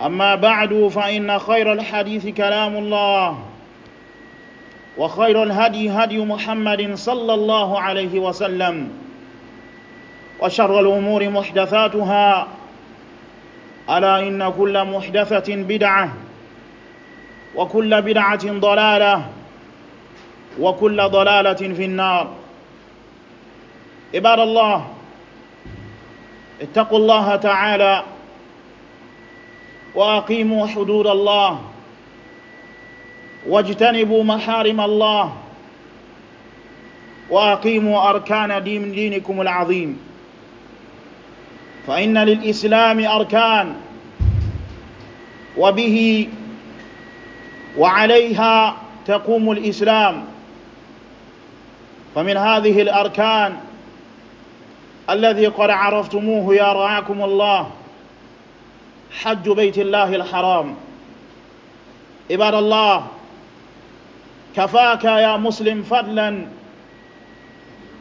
أما بعد فإن خير الحديث كلام الله وخير الهدي هدي محمد صلى الله عليه وسلم وشر الأمور محدثاتها ألا إن كل محدثة بدعة وكل بدعة ضلالة وكل ضلالة في النار عباد الله اتقوا الله تعالى وأقيموا حدود الله واجتنبوا محارم الله وأقيموا أركان دين دينكم العظيم فإن للإسلام أركان وبه وعليها تقوم الإسلام فمن هذه الأركان الذي قد عرفتموه يا رعاكم الله حج بيت الله الحرام عباد الله كفاك يا مسلم فضلا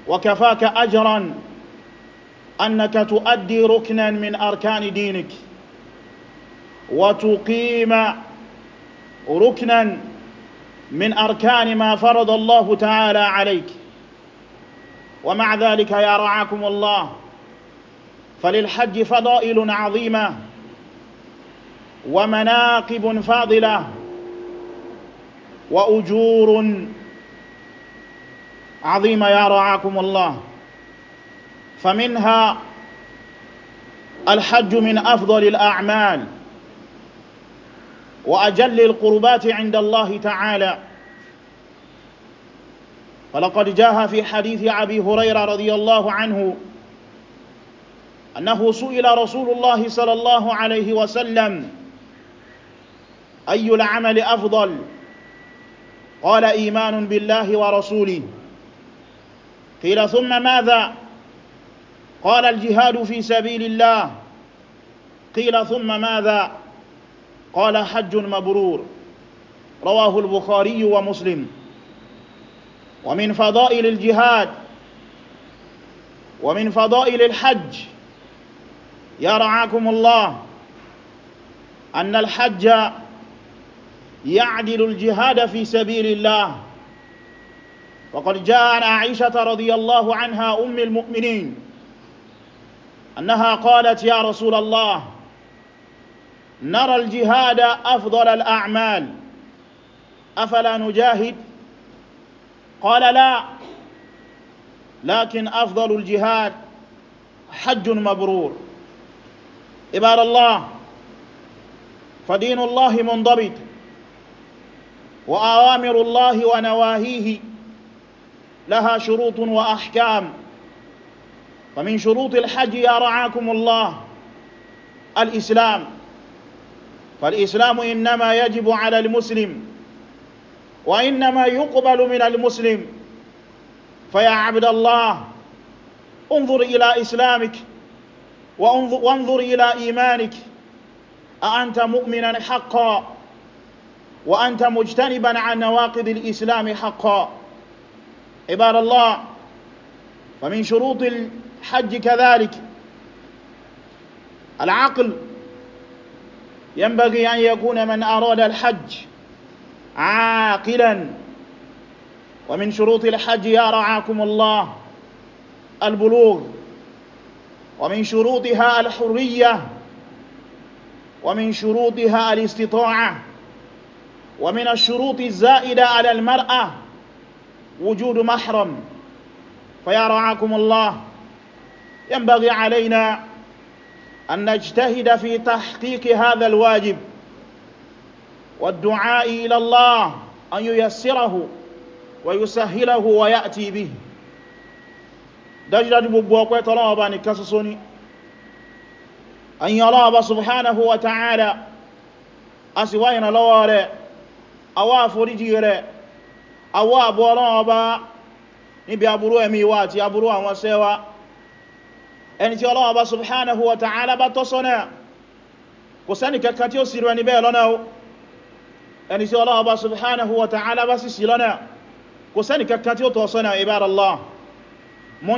وكفاك أجرا أنك تؤدي ركنا من أركان دينك وتقيم ركنا من أركان ما فرض الله تعالى عليك ومع ذلك يا رعاكم الله فللحج فضائل عظيمة ومناقب فاضلة وأجور عظيمة يا رعاكم الله فمنها الحج من أفضل الأعمال وأجل القربات عند الله تعالى ولقد جاء في حديث أبي هريرة رضي الله عنه أنه سئل رسول الله صلى الله عليه وسلم أي العمل أفضل قال إيمان بالله ورسوله قيل ثم ماذا قال الجهاد في سبيل الله قيل ثم ماذا قال حج مبرور رواه البخاري ومسلم ومن فضائل الجهاد ومن فضائل الحج يا رعاكم الله أن الحج يعدل الجهاد في سبيل الله وقد جاء عن عائشة رضي الله عنها أم المؤمنين أنها قالت يا رسول الله نرى الجهاد أفضل الأعمال أفلا نجاهد قال لا لكن أفضل الجهاد حج مبرور عباد الله فدين الله منضبط وأوامر الله ونواهيه لها شروط وأحكام فمن شروط الحج يا رعاكم الله الإسلام فالإسلام إنما يجب على المسلم وإنما يقبل من المسلم فيا عبد الله انظر إلى إسلامك وانظر إلى إيمانك أأنت مؤمنا حقا وأنت مجتنبا عن نواقض الإسلام حقا عباد الله ومن شروط الحج كذلك العقل ينبغي أن يكون من أراد الحج عاقلا ومن شروط الحج يا رعاكم الله البلوغ ومن شروطها الحرية ومن شروطها الاستطاعة ومن الشروط الزائدة على المرأة وجود محرم فيا رعاكم الله ينبغي علينا أن نجتهد في تحقيق هذا الواجب والدعاء إلى الله أن ييسره ويسهله ويأتي به dájúdájú gbogbo ọpẹ́ tọ́lọ́ ọba nìkan ṣoṣo ni ẹ̀yìn ọlọ́ àwa àforíjì rẹ̀ àwa àbọ̀ ọlọ́run ọba níbi aburú ẹ̀mí wa àti aburú àwọn sẹ́wa ẹni tí ọlọ́run ọba subhanahu wa ta'ala bá tọ́ sọ́nà kò sẹ́ni kankan tí ó sì rẹ̀ níbẹ̀ lọ́nà ẹni tí ọlọ́run ọba subhanahu wa ta'ala bá sì sí lọ́nà kò sẹ́ni kankan tí ó tọ́ sọ́nà ibadallah mo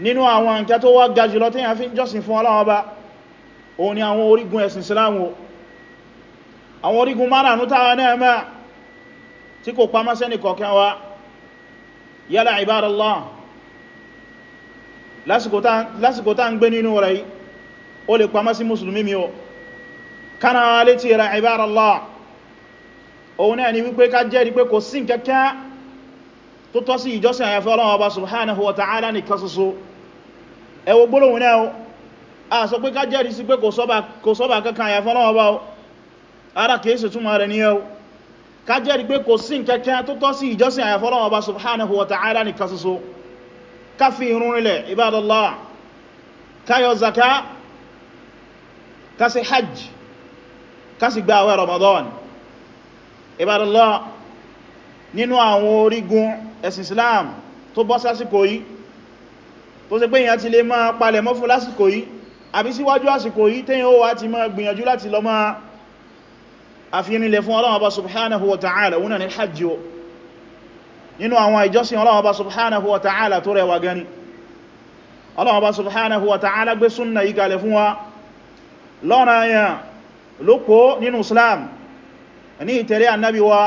nínú àwọn nǹkan tó wá ga jùlọ tí yàn fi jọ́sìn fún Ọlọ́run Ọba òun ni àwọn orígun ẹ̀sìn Islam o àwọn orígun márùn-ún táwa náà mẹ́ tí kò pamọ́ sẹ́nì kọ̀ọ̀kan wa yálà ibadallah lásìkò tá ń gbé nínú rẹ̀ o lè pamọ́ sí mùsùlùmí mi tó tọ́ sí ìjọsìn àyàfẹ́ Ọlọ́run Ọba subhanahu wa ta'ala nìkan ṣoṣo ẹ wo gbólóhùn náà a sọ pé ká jẹ́rìí sí pé kò sọ́bà kankan àyàfẹ́ Ọlọ́run Ọba ara kìí sì túnmà rẹ̀ níyẹ́ ká jẹ́rìí pé kò sí kẹ́kẹ́ tó tọ́ sí ìjọsìn àyàfẹ́ Ọlọ́run Ọba subhanahu wa nínú àwọn orígun ẹ̀sìn Islam tó bọ́ sásìkò yìí tó ṣe pé èyàn ti lè máa palẹ̀ mọ́ fún lásìkò yìí àbí síwájú àsìkò yìí tẹ́yìn ó wá ti máa gbìyànjú láti lọ máa àfihànilẹ̀ fún Ọlọ́run Ọba subhanahu wa ta'ala wúnà ní hajji nínú àwọn ìjọsìn Ọlọ́run Ọba subhanahu wa ta'ala tó rẹwà gani Ọlọ́run Ọba subhanahu wa ta'ala gbé súnnà yìí kalẹ̀ annabi wa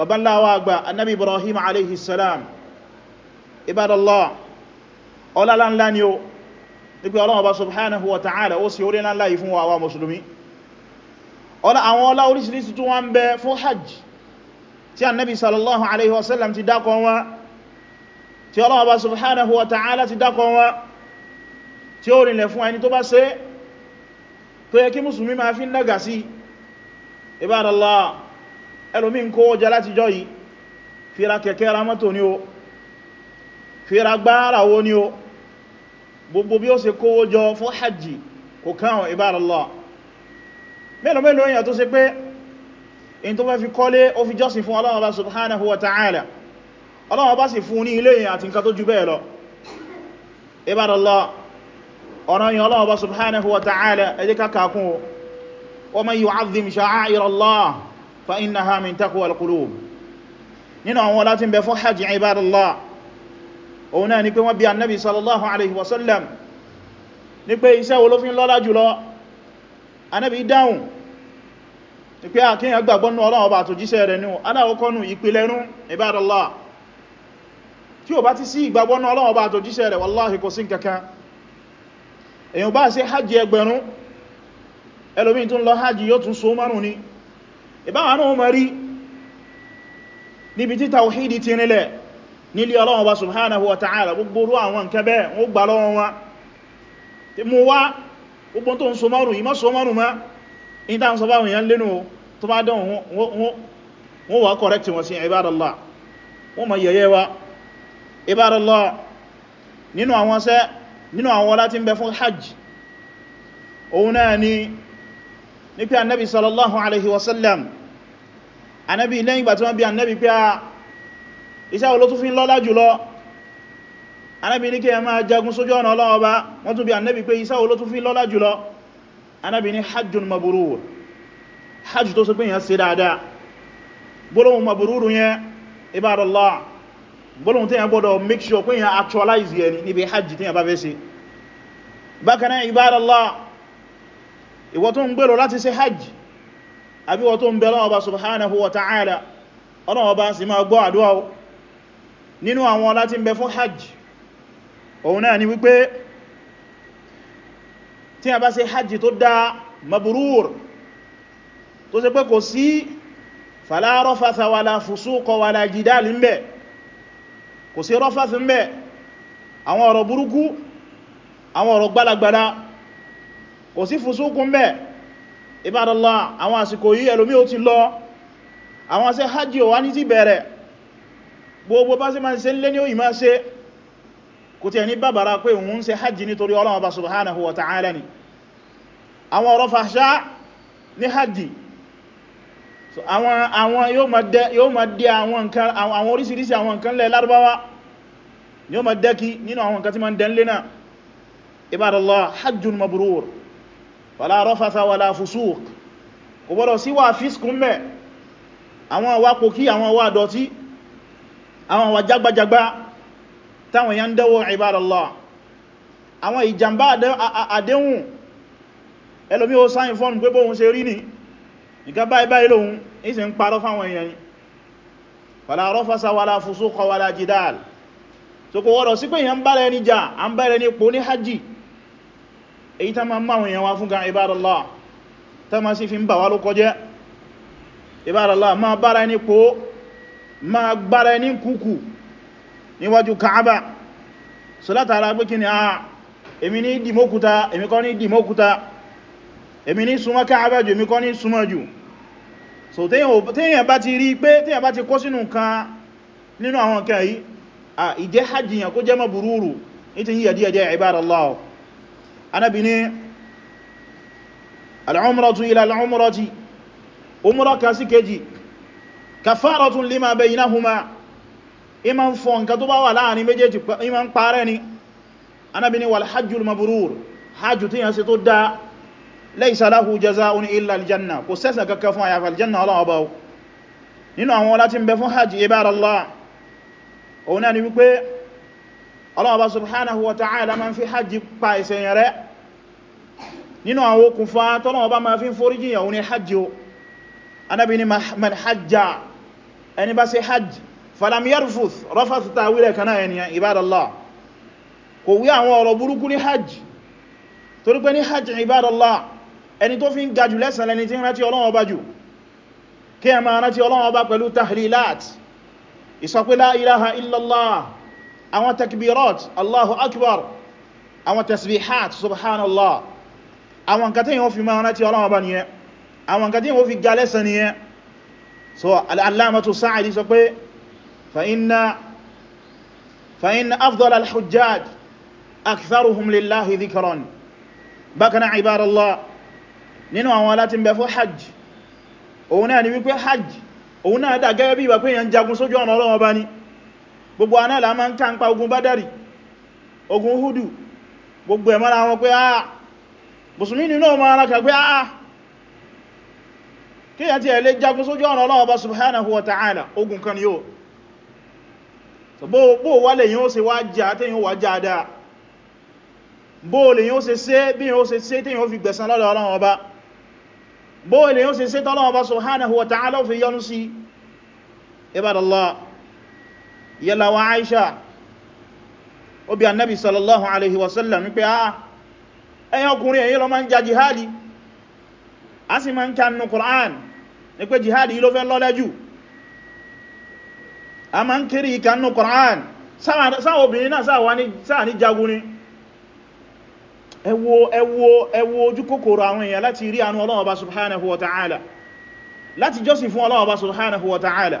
baban láwá àgbà annabi ibrahim alayhi salam ibadallah ọlọ́lá ńlá ni ó nígbé ọlọ́wọ́ bá subhanahu wa ta'ala ó sì orí ńlá yìí fún wa musulmi ọlá àwọn ọlá orísìírísìí tó wọ́n bẹ fún hajj tí annabi sallallahu alayhi wasallam ti dákọ wọn tí ọlọ́wọ́ bá subhanahu wa ta'ala ti dákọ wọn tí ó rìnlẹ̀ ẹlòmí ń kó ọjà láti jọ yìí fíra kẹ̀kẹ́ ra mọ́tò ní o fíra gbárawo ní o gbogbo bí ó ṣe kówó jọ fún hajji kò káwọn ibárallah mélòó mélòó èyàn tó ṣe pé in tó fẹ́ fi kọ́lé ó fi jọ́sìn fún Ọlọ́run Ọba subhanahu wa ta'ala Ọlọ́run Ọba sì fún ní ilé àti nǹkan tó jù bẹ́ẹ̀ lọ ibárallah ọ̀rọ̀ yìí Ọlọ́run Ọba subhanahu wa ta'ala ẹ jẹ́ ká kàkún wa man yu'azzim fa innaha min taqwa al-qulub nínú àwọn ọlá tí ń bẹ fún hajji ibadallah òun náà ni pé wọ́n bi annabi sallallahu alaihi wasallam ni pé iṣẹ́ wo ló fi ń lọ́lá jùlọ annabi dáhùn ni pé àkíyàn gbàgbọ́ nú Ọlọ́run ọba àtòjíṣẹ́ rẹ̀ ní aláwọ̀kọ́nù ìpìlẹ̀nú ibadallah tí ó bá ti sí ìgbàgbọ́ nú Ọlọ́run ọba àtòjíṣẹ́ rẹ̀ wallahi kò sí kankan èyàn bá ṣe hajji ẹgbẹ̀rún ẹlòmí tún lọ hajji yóò tún so márùn ni ìbáwọn náà ma rí níbi tí tawhidi ti nílẹ̀ nílé Ọlọ́run wa subhanahu wa ta'ala gbogbo rú àwọn nǹkan bẹ́ẹ̀ wọ́n gbà lọ́wọ́ wa tí mú wá gbogbo tó ń so márùn ìmọ́ so márùn má ní tàà ń sọ báwọn èèyàn lénú tó bá dán hajj òun náà ni ní pé annabi sallallahu alaihi wasallam annabi lẹ́yìn ìgbà tí wọ́n bí annabi pé a ah, iṣẹ́ olótúfin lọ́lá jùlọ anábi ní kí ẹ máa jagun sójú ọ̀nà Ọlọ́run Ọba wọ́n tún bí anábi pé iṣẹ́ olótúfin lọ́lá jùlọ anábi ní hajjun maburur hajj tó sọpín yẹn sí dáadáa gbólóhùn maburur yẹn ibadallah gbólóhùn tí yẹn gbọ́dọ̀ make sure pé yẹn actualize yẹn níbi hajj tí yẹn bá fẹ́ ṣe bákan náà ìwọ tó ń gbèrò láti ṣe hajj àbí ìwọ tó ń bẹ̀rọ ọba subhanahu wa ta'ala ọlọ́wọ́ bá sì máa gbọ́ àdúwà o nínú àwọn láti ń bẹ fún hajj òun náà ni wípé tí a bá ṣe hajj tó dá maburur tó ṣe pé kò sí fala rafatha wala fusuqa wala jidal kò sí rọ́fàsí ń àwọn ọ̀rọ̀ burúkú àwọn ọ̀rọ̀ gbalagbala kò sí fùsúkún bẹ́ ìbádọ́lá àwọn àsìkò yìí ẹlòmí ó ti lọ àwọn ṣe hajji ò wá ní ti bẹ̀rẹ̀ gbogbo bá sí ma ṣe lé ní òyìn máa ṣe kò tí ẹni bàbára pé òun ń ṣe hajji nítorí Ọlọ́run bá subhanahu wa ta'ala ni àwọn ọ̀rọ̀ fàṣá ní hajji àwọn yóò ma dé àwọn nǹkan hajjun mabrur wàlá rọ́fàfà wàlá fùsúk kò gbọ́dọ̀ sí wà fískún mẹ́ àwọn àwà pòkí àwọn àwà dọ̀tí àwọn àwà jagbajagba táwọn yà ń dẹ́wọ́ ìbádàlá àwọn ìjàmbá àdéhùn ẹlòmí ó sáyìn fọ́nù pé bóhun ṣe rí ní nǹkan báyìí báyìí lóhun ìsìn ń parọ́ fáwọn èèyàn yìí wàlá èyí tá ma ń máwọn èèyàn wá fún gan ibadallah tá ma sí fi ń bà wá ló kọjẹ́ ibadallah ma bára ẹni pò ma gbára ẹni kúkù níwájú Kaaba so látara pé kí ni a èmi ní dìmókúta èmi kọ́ ní dìmókúta èmi ní súnmọ́ Kaaba jù èmi kọ́ ní súnmọ́ jù so téèyàn bá ti rí pé téèyàn bá ti kó sínú kan nínú àwọn kan yìí ìjẹ́ hajjiyàn kó jẹ́ mọ́ burúurú ní ti yíyà díẹ̀díẹ̀ ibadallah anábi ní al'umratu ila al'umrati umra ka sí kejì kafaratun lima baynahuma ima ń fọ nǹkan tó bá wà láàrin méjèèjì ima ń parẹ́ ni anábi ní walhajjul maburur hajjù tí yàn sí tó dá laysa lahu jaza'un illa aljanna kò sẹ́sẹ̀ kankan fún àyàfà aljanna ọlọ́wọ́ nínú àwọn ọlá tí ń bẹ fún hajji ibára Allah òun náà ni wípé ọlọ́ọ̀bá subhanahu wa ta'ala ma fi hajji pa ìsẹ̀yìn rẹ̀ nínú àwọn okùnfà tọ́lọ̀ọ̀bá ma fi ń foríjì yàwó ní hajji o anábi ni man hajja ẹni bá ṣe hajji falam yarfuth rafath tawilẹ̀ kaná ẹniyàn ibadallah kò wí àwọn ọ̀rọ̀ burúkú ní hajji torí pé ní hajji ibadallah ẹni tó fi ń gajù lẹ́sàn lẹni tí ń rántí illallah àwọn takbirat allahu akbar àwọn tasbihat subhanallah àwọn nǹkan tí yíò fi máa rántí ọlọ́wọ́ bá nìyẹn àwọn nǹkan tí yíò fi galẹ́sẹ̀ nìyẹn so al'alamatu sa'idi sọ pé fa inna fa inna afdal al-hujjaj aktharuhum lillahi dhikran bákaná ibadallah nínú àwọn alátin bẹ fún hajj òun náà ni wípé hajj òun náà dà gẹ́gẹ́ bí ìbà pé yẹn jagun sójú ọ̀nà ọlọ́wọ́ bá ni gbogbo aná la máa ń ká ń pa ogun bádàrí ogun hudu gbogbo ẹ̀mọ́ra wọn pé àà mùsùlùmí nínú ọmọ aráka pé àà kí yà tí ẹ̀ lè jagun sójú ọ̀nà Ọlọ́hun Ọba subhanahu wa ta'ala ogun kan yóò bó wà lè yíó ṣe wá jà tí yíó wá jà dáa bó lè yíó ṣe ṣe bí yíó ṣe ṣe tí yíó fi gbẹ̀san lọ́dọ̀ Ọlọ́hun Ọba bó lè yíó ṣe ṣe tọ́lọ́wọ́ Ọba subhanahu wa ta'ala fi yọ́nú sí ibadallah yẹlawa Aisha obi annabi sallallahu alaihi wasallam pé a ẹ̀yin ọkùnrin ẹ̀yin lọ ma ń ja jihadi a sì ma ń kà nínú Qur'an ní pé jihadi yìí ló fẹ́ lọ́lẹ́jù a ma ń kiri ìkà nínú Qur'an sáà obìnrin náà sáà ní jagun ni ẹ wò ẹ wò ẹ wò ojú kòkòrò àwọn èèyàn láti rí àánú Ọlọ́run subhanahu wa ta'ala láti jọ́sìn fún Ọlọ́run subhanahu wa ta'ala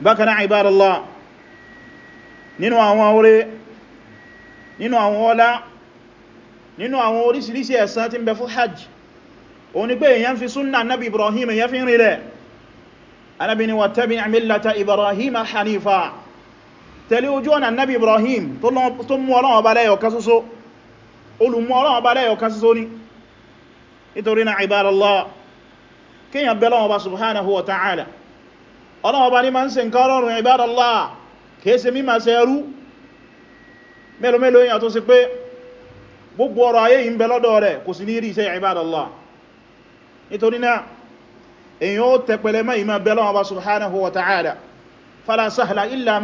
bákaná ibadallah nínú àwọn orí nínú àwọn ọlá nínú àwọn orísìírísìí ẹ̀san tí ń bẹ fún hajj o ní pé èyàn fi súnnà nabi ibrahim èyàn fi ń rí rẹ̀ alábìnrin wa tabi' millata ibrahim hanifa tẹ̀lé ojú ọ̀nà nabi ibrahim tó mú Ọlọ́run bá lẹ́yọ̀ kan ṣoṣo ọlọ́wọ́ bá ní ma ń ṣe nǹkan rọrùn ibadallah kìí ṣe mímọ̀ ṣe ẹrú mélòmélò èyàn tó sì pé gbogbo ọrọ̀ ayé yìí ń bẹ lọ́dọ̀ rẹ̀ kò sí ní rí iṣẹ́ ibadallah nítorí náà èyàn ó tẹpẹlẹ mẹ́ ìmọ̀ bẹ lọ́wọ́ bá subhanahu wa ta'ala fala sahla illa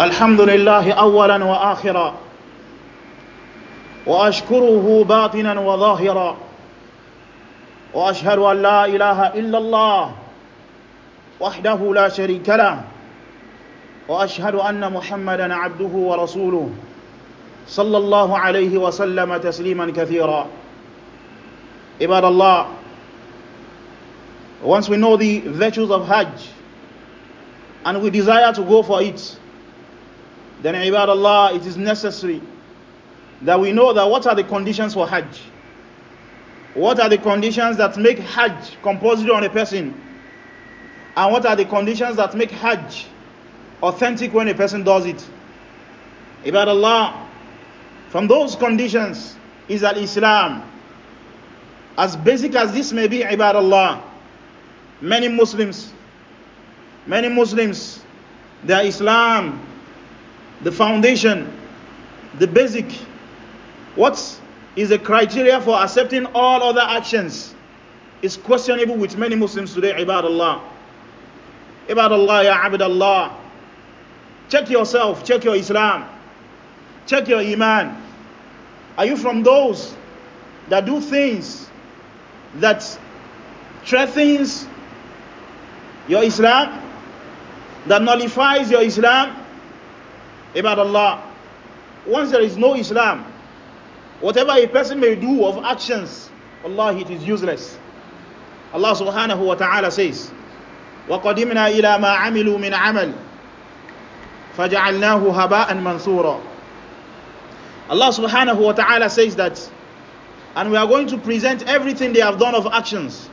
الحمد لله أولا وآخرا وأشكره باطنا وظاهرا وأشهد أن لا إله إلا الله وحده لا شريك له وأشهد أن محمدا عبده ورسوله صلى الله عليه وسلم تسليما كثيرا عباد الله once we know the virtues of Hajj and we desire to go for it then ibad Allah, it is necessary that we know that what are the conditions for Hajj. What are the conditions that make Hajj compulsory on a person? And what are the conditions that make Hajj authentic when a person does it? Ibad Allah, from those conditions is that Islam. As basic as this may be, Ibad Allah, many Muslims, many Muslims, their Islam the foundation, the basic. What is the criteria for accepting all other actions is questionable with many Muslims today, ibadallah. Ibadallah, ya abdallah. Check yourself, check your Islam, check your Iman. Are you from those that do things that threatens your Islam, that nullifies your Islam, about Allah, once there is no Islam, whatever a person may do of actions, Allah, it is useless. Allah subhanahu wa ta'ala says, وَقَدِمْنَا إِلَى مَا عَمِلُوا مِنْ عَمَلٍ فَجَعَلْنَاهُ هَبَاءً مَنْثُورًا Allah subhanahu wa ta'ala says that, and we are going to present everything they have done of actions,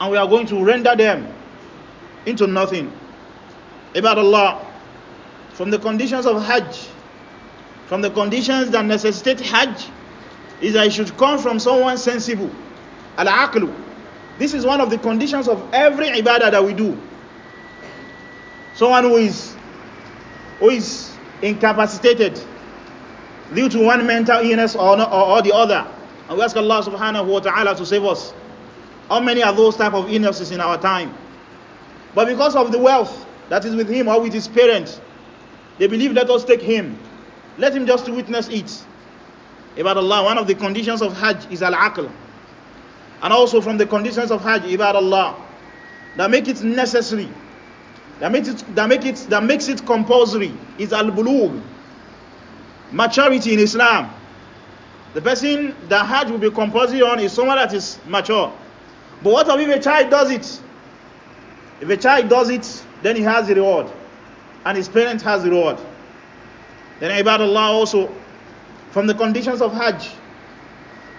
and we are going to render them into nothing. About Allah, from the conditions of Hajj, from the conditions that necessitate Hajj, is that it should come from someone sensible. Al Aqlu. This is one of the conditions of every ibadah that we do. Someone who is, who is incapacitated due to one mental illness or, no, or, or the other. And we ask Allah subhanahu wa ta'ala to save us. How many are those type of illnesses in our time? But because of the wealth that is with him or with his parents, They believe, let us take him. Let him just witness it. Ibad Allah, one of the conditions of Hajj is al-aql. And also from the conditions of Hajj, Ibad Allah, that make it necessary, that, makes it, that, make it, that makes it compulsory, is al-bulugh, maturity in Islam. The person that Hajj will be compulsory on is someone that is mature. But what if a child does it? If a child does it, then he has the reward. and his parent has reward. Then ibadallah also from the conditions of Hajj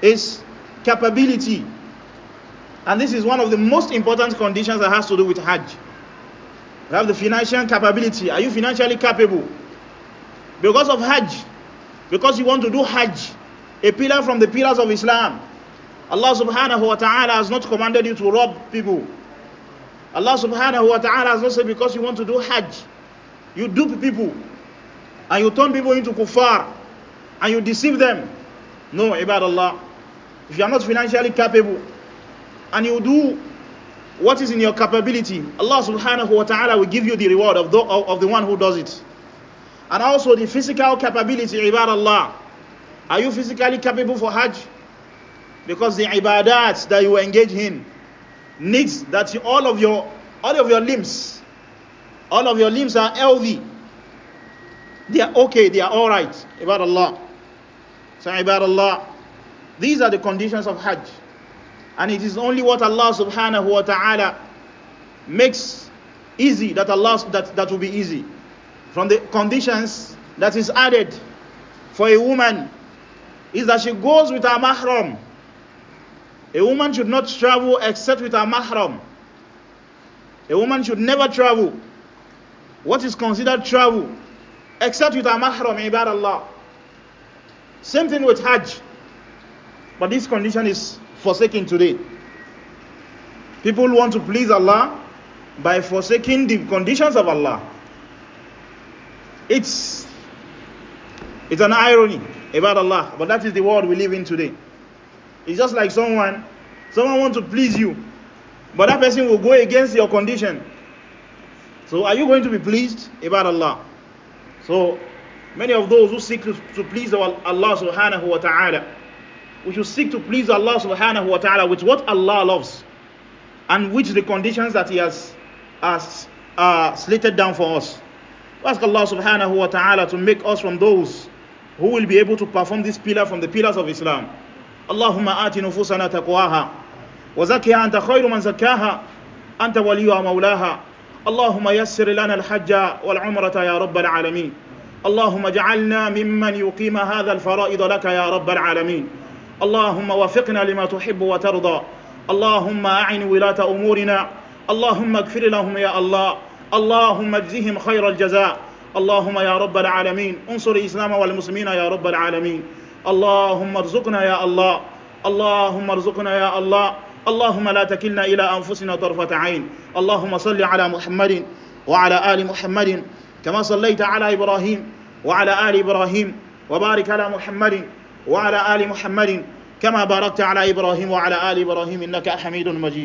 is capability. And this is one of the most important conditions that has to do with Hajj. You have the financial capability. Are you financially capable? Because of Hajj, because you want to do Hajj, a pillar from the pillars of Islam. Allah subhanahu wa ta'ala has not commanded you to rob people. Allah subhanahu wa ta'ala has not said because you want to do Hajj, you dupe people and you turn people into kuffar and you deceive them no Allah. if you are not financially capable and you do what is in your capability Allah subhanahu wa ta'ala will give you the reward of the, of the one who does it and also the physical capability Allah. are you physically capable for hajj because the ibadat that you engage in needs that you, all of your all of your limbs all of your limbs are healthy they are okay they are all right About allah so about allah these are the conditions of hajj and it is only what allah subhanahu wa ta'ala makes easy that allah that, that will be easy from the conditions that is added for a woman is that she goes with her mahram a woman should not travel except with her mahram a woman should never travel what is considered travel except with a mahram ibad same thing with hajj but this condition is forsaken today people want to please Allah by forsaking the conditions of Allah it's it's an irony about Allah but that is the world we live in today it's just like someone someone want to please you but that person will go against your condition So are you going to be pleased about Allah? So many of those who seek to, to please Allah subhanahu wa ta'ala, we should seek to please Allah subhanahu wa ta'ala with what Allah loves and which the conditions that He has, has uh, slated down for us. ask Allah subhanahu wa ta'ala to make us from those who will be able to perform this pillar from the pillars of Islam. اللهم آت نفوسنا تقواها وزكها أنت خير من زكاها أنت وليها مولاها اللهم يسر لنا الحج والعمرة يا رب العالمين اللهم اجعلنا ممن يقيم هذا الفرائض لك يا رب العالمين اللهم وفقنا لما تحب وترضى اللهم أعن ولاة أمورنا اللهم اغفر لهم يا الله اللهم اجزهم خير الجزاء اللهم يا رب العالمين انصر الإسلام والمسلمين يا رب العالمين اللهم ارزقنا يا الله اللهم ارزقنا يا الله اللهم لا تكلنا إلى أنفسنا طرفة عين اللهم صل على محمد وعلى آل محمد كما صليت على إبراهيم وعلى آل إبراهيم وبارك على محمد وعلى آل محمد كما باركت على إبراهيم وعلى آل إبراهيم إنك حميد مجيد